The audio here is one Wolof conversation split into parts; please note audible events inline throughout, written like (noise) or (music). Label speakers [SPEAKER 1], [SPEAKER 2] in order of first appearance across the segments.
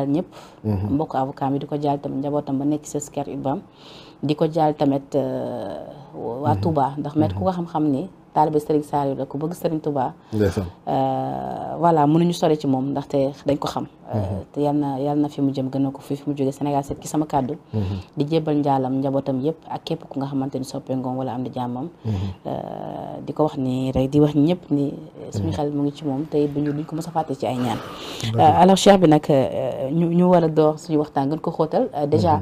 [SPEAKER 1] a ñëpp mhm. mbokk avocat mi di ko jaal tamit njabootam ba nekk ses ker Ibrahima di ko jaal tamit euh, waa mhm. Touba ndax met mhm. ku ko xam-xam ni taalibe Serigne Saliou la ko bëgg Serigne Touba. ndeysaan euh, voilà mënuñu sore ci moom ndaxte dañ ko xam. Euh, mhm. te yal na na fi mu jëm gën a ko fi fi mu jógee Sénégal seet ki sama kàddu. Mhm. di jébbal njaalam njabootam yëpp ak képp ku nga xamante ni soppee ngoom wala am di jàmmam. Mhm. Euh, di ko wax ni rek di wax ñëpp ni suñu xel mu ngi ci moom te ñu duñ ko mës a fàtte ci ay ñaan. alors cheikh bi nag ñu ñu war a door suñu waxtaan gën ko xootal déjà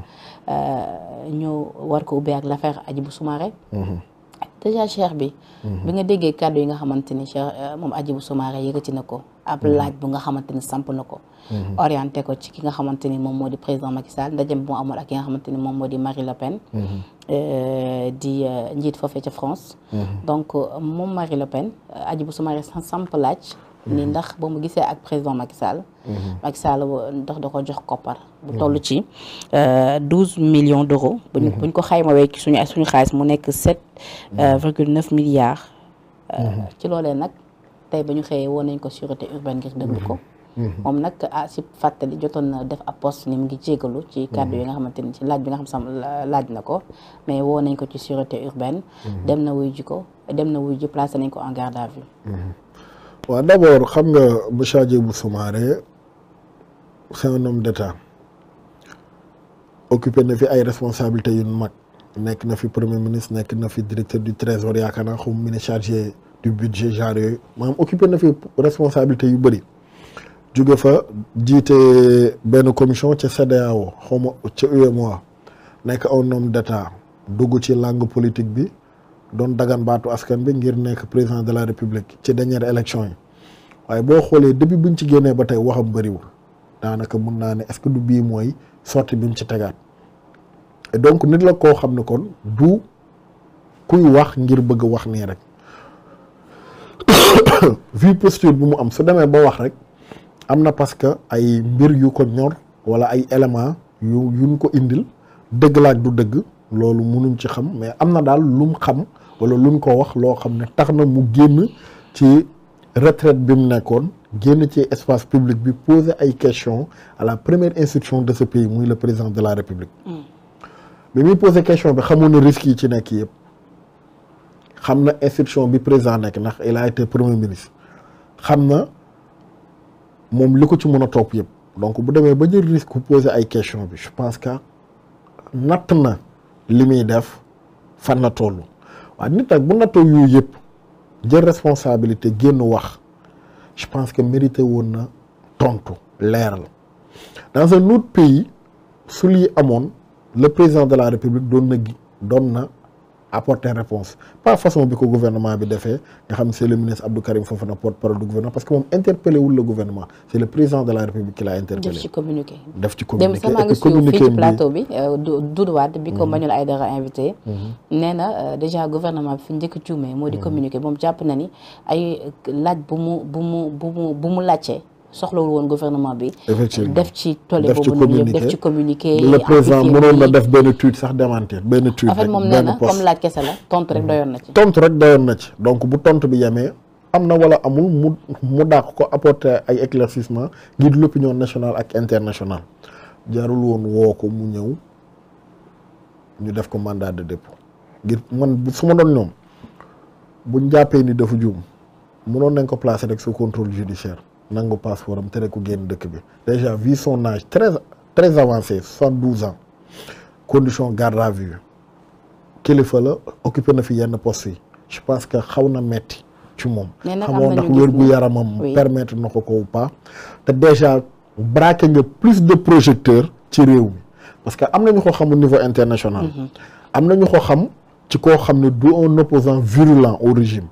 [SPEAKER 1] ñu war ko ubbee ak l'affaire Hadjibou sumare déjà cheikh bi. Mhm. bi nga déggee kàddu yi nga xamante ni cheikh euh, moom Hadjibou Soumaré yëkkati na ko. ab mhm. laaj bu nga xamante ni samp na ko. Mhm. orienté ko ci ki nga xamante ni moom moo di président Macky Sall ndaje bu mu ki nga xamante ni moom moo di Marie Le Pen. Euh, di euh, njiit foofee ca France. donc moom Marie Le Pen Hadjibou Soumaré samp laaj. ni ndax ba mu gisee ak président Macky Sall. Mhm. Macky Sall ndax da ko jox koppar. bu mhm. tollu ci euh, douze millions d' euros. bu mhm. ñu ko xaymawee ci suñu suñu xaalis mu nekk sept euh, virgule neuf milliards. Euh, ci loolee nag tey ba ñu xëyee woon nañ ko sûreté urbaine ngir déglu ko. moom nag ah si fàttali jotoon na def ab poste ni mu ngi jégalu ci kàddu yi nga xamante ni ci laaj bi nga xam sam laaj na ko mais woo nañ ko ci sûreté urbaine. dem na wuy ji ko dem na wuy ji placé nañ ko en garde à
[SPEAKER 2] waa d' abord xam nga Bouchra Diébou Soumaré c' est un homme d' état na fi ay responsabilité yu mag nekk na fi premier ministre nekk na fi directeur du trésor yaakaar naa xaw ma chargé du budget genre yooyu maanaam occupé na fi responsabilité yu bëri jóge fa jiite benn commission ca CEDEAO xaw ma ca UEMOA nekk un homme d' état dugg ci langue politique bi. doon dagan baatu askan bi ngir nekk président de la république ci dernière élection yi waaye boo xoolee depuis buñ ci génnee ba tey waxam bëriwul daanaka mun naa ne est-ce que du bii mooy sorti bi mu ci tegaat donc nit la koo xam ne kon du kuy wax ngir bëgg wax nii rek (coughs) vu posture bu mu am su demee ba wax rek am na parce que ay mbir yu ko ñor walla ay éléments yu yuñ ko indil dëgg laaj du dëgg loolu munuñ ci xam mais am na daal lum xam lu luñ ko wax loo xam ne tax na mu génn ci retraite bi mu nekkoon génn ci espace public bi poser ay questions à la première institution de ce pays muy le président de la république. Mm. bi muy poser question bi xamoon na risques yi ci nekk yëpp. xam na institution bi président nekk ndax il la été premier ministre xam na moom li ko ci mën a topp yëpp donc bu demee ba jël risque poser ay question bi je pense que natt na li muy def fan na toll. waaw nit nag bu nattoo yooyu yëpp jël responsabilité génn wax je pense que mérité woon na tontu leeral dans un autre pays su lii amoon le président de la république doon na gi doon na apporter réponse pas façon bi ko gouvernement bi defee nga xam c'est le ministre Abdou Karim Fofana porte-parole du gouvernement parce que moom interpellé wul le gouvernement c'est le président de la République qui l'a interpellé. def ci communiqué def ci fii plateau bi
[SPEAKER 1] euh, Doudou Wade bi ko mhm. Manuel Aydara invité. Mhm. nee na euh, déjà gouvernement bi fi njëkk a moo di mhm. communiqué moom jàpp na ni ay laaj bu mu bu mu bu bu mu laajte. soxlawul woon gouvernement bi.
[SPEAKER 2] effectivement def
[SPEAKER 1] ci tollé boobu noonu def ci communiqué. le président mënoon na def
[SPEAKER 2] benn tweet sax démentir benn tweet. rek moom nee na comme
[SPEAKER 1] laaj kese la tontu rek doyoon na
[SPEAKER 2] ci. tontu rek doyoon na ci donc bu tontu bi yemee am na wala amul mu mu dàq ko apporter ay éclaircissement ngir l'opinion nationale ak internationale jarul woon woo ko mu ñëw ñu def ko mandat de dépôt ngir man su ma doon ñoom buñ jàppee ni dafa juum mënoon nañ ko placer rek sous contrôle judiciaire. nangu passeport am tere ku génn dëkk bi déjà vie son âge très très avancé soixante-douze ans condition garde à vue kilifa la occupé na fi yenn post yi je pense que xaw na metti ci moom xamoo ndax wér gu yaramam permettre na ko ko ou te déjà braqué nga plus de projecteurs ci réew mi parce que am na ñu ko xam niveau international mhm. am na ñu ko xam ci koo xam ne du un opposant virulent au régime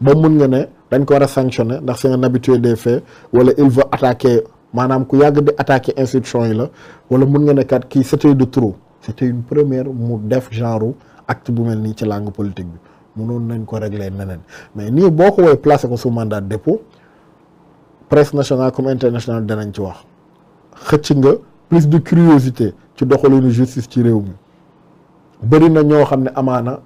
[SPEAKER 2] ba mun nga ne dañ ko war a sanctionné ndax c'est un habitué des faits wala il veut attaquer maanaam ku yàgg di attaquer institution yi la wala mun nga ne kat kii c'était de trop c'était une première mu def genre acte bu mel nii ci langue politique bi munoon nañ ko régler neneen mais nii boo ko woy placé ko su mandat de dépôt presse nationale comme internationale danañ ci wax xëcc nga plus de curiosité ci doxalinu justice ci réew mi bëri ñoo xam ne amaana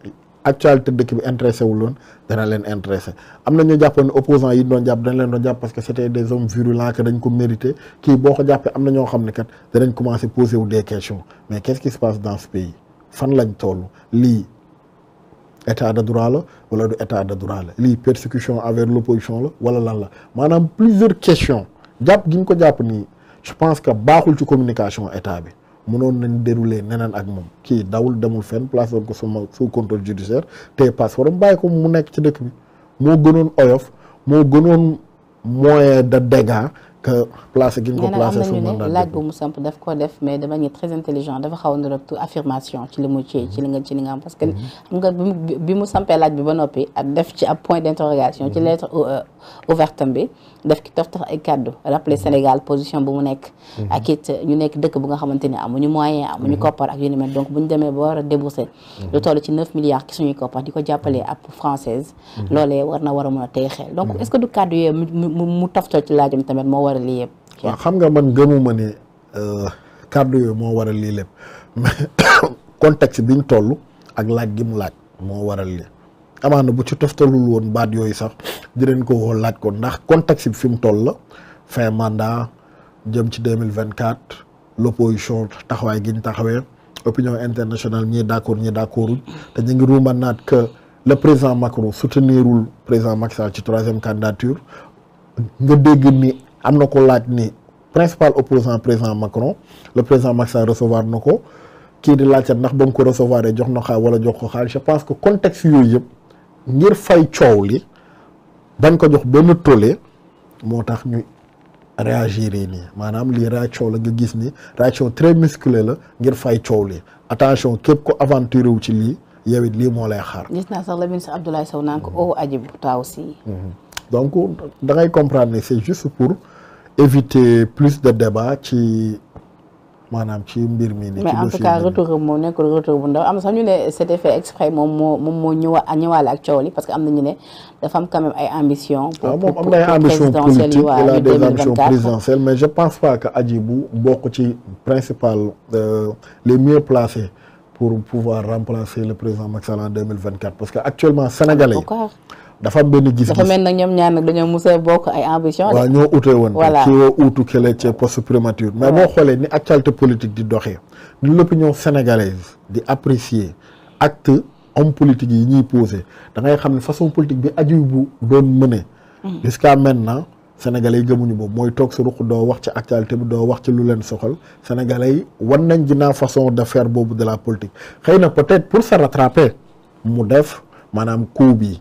[SPEAKER 2] actualité dëkk bi intéressé wul woon dana leen intéressé am na ñu jàppoon ne opposants yi doon jàpp dañ leen doon jàpp parce que c'était des hommes virulents que dañ ko mérité kii boo ko jàppee am na ñoo xam ne kat danañ commencé poser wu des questions mais qu'est-ce qui se passe dans ce pays fan lañ toll lii état de droit la wala du état de droit la lii persécution envers l'opposition la wala lan la maanaam plusieurs questions jàpp gi ñu ko jàpp nii je pense que baaxul ci communication état bi mënoon nañ déroulé neneen ak moom kii dawul demul fenn placé woon ko sama sous contrôle judiciaire tey passeport am bàyyi ko mu nekk ci dëkk bi moo gënoon oyof moo gënoon moyen de dégâts que placé gi ñu ko placé su bu
[SPEAKER 1] a niroog tout affirmation mu ci ci li nga ci li am mhm. bi mu sampee laaj bi mhm. euh, euh, mhm. mu ñu nga xamante ni amuñu moyen amuñu koppar ak yu ni mel donc bu ñu demee ba war a débourser lu toll ci neuf milliards ki suñuy koppar di ko jàppalee ab française loolee war na war a mën a tey donc est-ce que du kàddu yooyu mu toftal ci laajam tamit moo waral lii
[SPEAKER 2] xam nga man gëmuma ne euh, kàddu yooyu moo waral lii lépp mais (coughs) contexte biñ toll ak laaj gi mu laaj moo waral lii amaana bu ci toftalul woon baat yooyu sax dinañ ko woo laaj ko ndax contexte bi fi mu toll la fin mandat jëm ci deux mille vingt quatre l' opposition taxawaay gi ñu taxawee opinion internationale ñii d' accord ñii d' accord te ñu ngi ruuma naat que le président Macron soutenirul président Macky ci troisième candidature nga dégg ni. am na ko laaj ni principal opposant président Macron le président Macky Sall recevoir na ko kii di laajte ndax ba mu ko recevoir jox na xaal wala jox ko xaal je pense que contexte yooyu yëpp ngir fay coow li bañ ko jox benn tollé moo tax ñu réagir yi nii maanaam lii réaction la nga gis ni réaction très musclée la ngir fay coow li attention képp ko aventuré wu ci lii yow it lii moo lay xaar.
[SPEAKER 1] gis naa sax la ministre Abdoulaye Sow naan ko mm-hmm. oo oh, taaw mm-hmm.
[SPEAKER 2] donc dangay ngay comprendre ne c'est juste pour. éviter plus de débat ci maanaam ci mbir mi. ni ci dossier mais en
[SPEAKER 1] retour moo nekkul retour bu ndaw am na sax ñu moom moo moom moo ñëwa ñëwaale ak coow parce que am na ñu ne dafa am quand même ay ambition.
[SPEAKER 2] pour ah, pour pour présidentielle yi waaw moom am na ay ambition politique il a des ambitions présidentielles mais je pense pas que Hadjibou bokk ci principal euh, les mieux placés pour pouvoir remplacer le président Macky parce que actuellement sénégalais dafa am benn gis-gis dafa mel
[SPEAKER 1] ne ñoom ñaar nag dañoo mos a bokk ay ambition. waaw
[SPEAKER 2] ñoo utee woon. voilà kii woo uutu kële ca poste primature. mais boo xoolee ni actualité politique di doxee lépp ñoo sénégalaise di apprécier acte homme politique yi ñuy posé da ngay xam ni façon politique bi aju bu doon mëne. Mm-hmm. jusqu'à maintenant sénégalais yi gëmuñu boobu mooy toog sa ruq doo wax ci actualité bi doo wax ci lu leen soxal sénégalais yi wan nañ ginnaaw façon de faire boobu de la politique xëy na peut-être pour se rattraper mu def maanaam coup bi.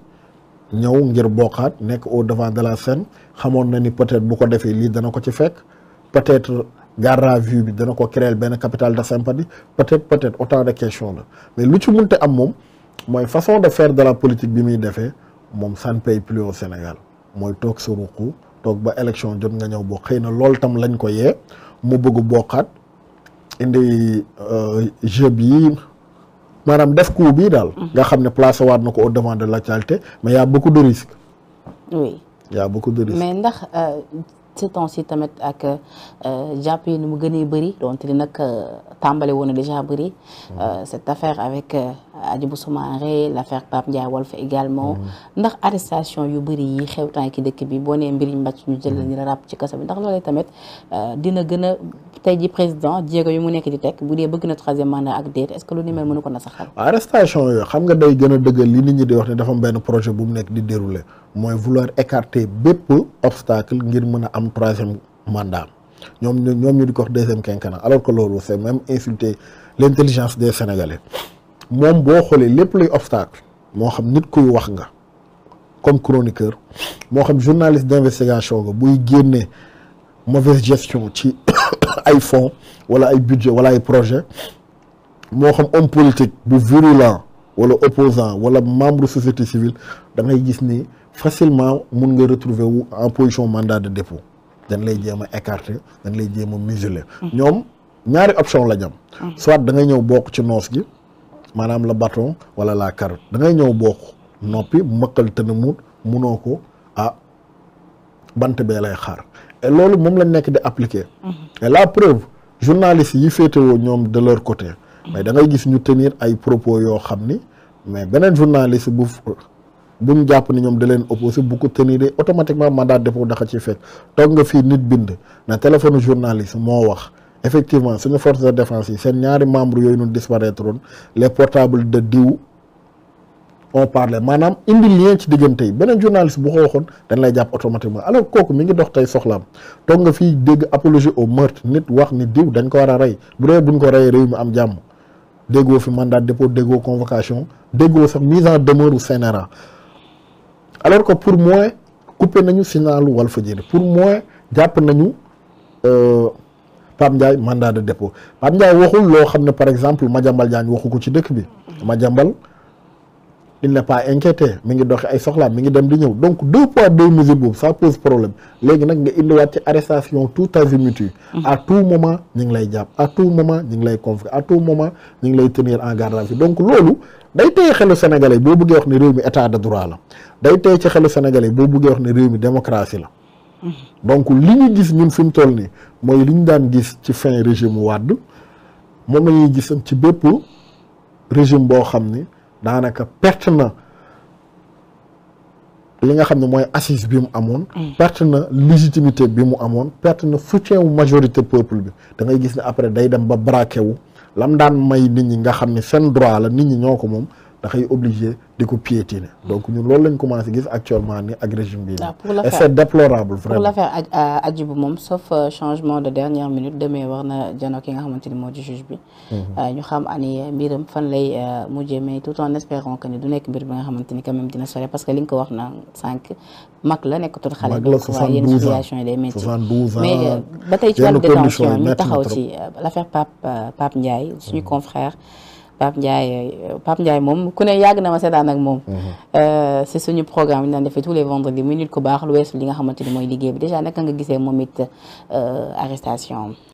[SPEAKER 2] ñëw ngir bokkaat nekk au devant de la scène xamoon na ni peut-être bu ko defee lii dana ko ci fekk peut-être garde à vue bi dana ko créel benn capital de sympathie peut-être peut-être autant de questions la mais lu ci munte am moom mooy façon de faire de la politique bi muy defee moom ça ne plus au Sénégal mooy toog sa ruqu toog ba élection jot nga ñëw boo xëy na loolu tam lañ ko yee mu bëgg bokkaat indi euh, jeu yi maanaam def coup bii daal. nga xam ne placé waat na ko au devant de l'actualité mais y a beaucoup de risques. oui y a beaucoup de risques. mais
[SPEAKER 1] ndax euh, ce temps ci tamit ak euh, jàpp yi ni mu gënee bëri dont ni nag euh, tàmbale woon na déjà bëri
[SPEAKER 2] mm-hmm.
[SPEAKER 1] cette affaire avec. Hadjibou Soumaré l'affaire Pape Ndiaye Wolf également mm. ndax arrestation yu bëri yi xew temps ki dëkk bi boo nee mbiriñ mbàcc ñu jël mm. ñu la ràpp ci kaso bi ndax loolee tamit euh, dina gën a tey ji président jéego yu mu nekk di teg bu dee bëgg na troisième mandat ak déet est-ce que lu ni mel mënu ko na saxal
[SPEAKER 2] arrestation yooyu xam nga day gën a dëggal li nit ñi di wax ne dafa am benn projet bu mu nekk di dérouler mooy vouloir écarter bépp obstacle ngir mën a am troisième mandat ñoom ñoom ñu di ko wax deuxième quinquennat alors que loolu c'est même insulter l'intelligence des moom boo xoolee lépp luy obstacle moo xam nit kuy wax nga comme chroniqueur moo xam journaliste d'investigation nga buy génne mauvaise gestion ci (coughs) ay fonds wala ay budget wala ay projet moo xam homme politique bu virulent wala opposant wala membre société civile da gis ni facilement mun nga retrouver wu en position mandat de dépôt dañ lay jéem a écarter dañ lay jéem a museler mm. ñoom ñaari option la ñam mm. soit da ñëw bokk ci noos gi maanaam la bâton wala la carotte dangay ñëw bokk noppi mëkkal te ne mu munoo ko ah bant bee lay xaar et loolu moom lañ nekk di appliquer. Mhm. la preuve journalistes yi féetewoo ñoom de leur côté. Mhm. mais da ngay gis ñu tenir ay propos yoo xam ni mais beneen journaliste bu buñ jàpp ni ñoom da leen opposé bu ko tenir automatiquement mandat dépôt daxa ci fekk toog nga fii nit bind na téléphone journaliste moo wax. effectivement suñu force de défense yi seen ñaari membre yooyu noonu disparaître woon les portables de diw on parlait maanaam indi lien ci diggante yi beneen journaliste bu ko waxoon dañ lay jàpp automatiquement alors kooku mu ngi dox tey soxlaam toog nga fii dégg apologie au meurtre nit wax ni diw dañ ko war a rey bu dee buñ ko reyee réew mi am jàmm déggoo fi mandat dépôt déggoo convocation déggoo sax mise en demeure u alors que pour moi coupé nañu signalu Walfadjri pour moi jàpp nañu euh, Pape Ndiaye mandat de dépôt Pape Ndiaye waxul loo xam ne par exemple Madiambal Diagne waxu ko ci dëkk bi Madiambal il n'est pas inquiété mi ngi doxi ay soxlaam mi ngi dem di ñëw donc deux poids deux mesures boobu ça pose problème léegi nag nga indiwaat ci arrestation tout azimut yi mm-hmm. à tout moment ñi ngi lay jàpp à tout moment ñi ngi lay convoquer à tout moment ñi ngi lay tenir en garde à vue donc loolu day teye xelu sénégalais boo bëggee wax ne réew mi état de droit la day teye ci xelu sénégalais boo la donc li ñu gis ñun fi mu toll nii mooy li ñu daan gis ci fin régime Wade moom la ñuy gisam ci bépp régime boo xam ni daanaka perte na li nga xam ne mooy assise bi mu amoon. Mm. perte na légitimité bi mu amoon perte na soutien wu majorité peuple bi da ngay gis ne après day dem ba braqué wu lam daan may nit ñi nga xam ne seen droit la nit ñi ñoo ko moom. dafay obligé di ko piétiner hmm. donc ñun loolu lañ commencé gis actuellement ni ak régime ah, pour l'affaire
[SPEAKER 1] Hadjibou euh, moom sauf euh, changement de dernière minute demee war na jano ki nga xamante ni moo di juge bi hmm. euh, ñu xam ani mbiram fan lay mujjee mais tout en espérant que ni du nekk mbir bi nga xamante ni dina sore parce que li nga ko wax la nekkatul xale donc waaw yenn situation yi day métti ci wàllu détention ñu taxaw ci l'affaire Pape Pape Ndiaye suñu hmm. confrère Pape Ndiaye Pape Ndiaye moom ku ne yàgg na ma seetaan ak moom. Mhm. Euh, si suñu programme na daan defee tous les vendredis muy nit ku baax lu weesu li nga xamante ni mooy liggéey bi déjà naka nga gisee moom it euh, arrestation am.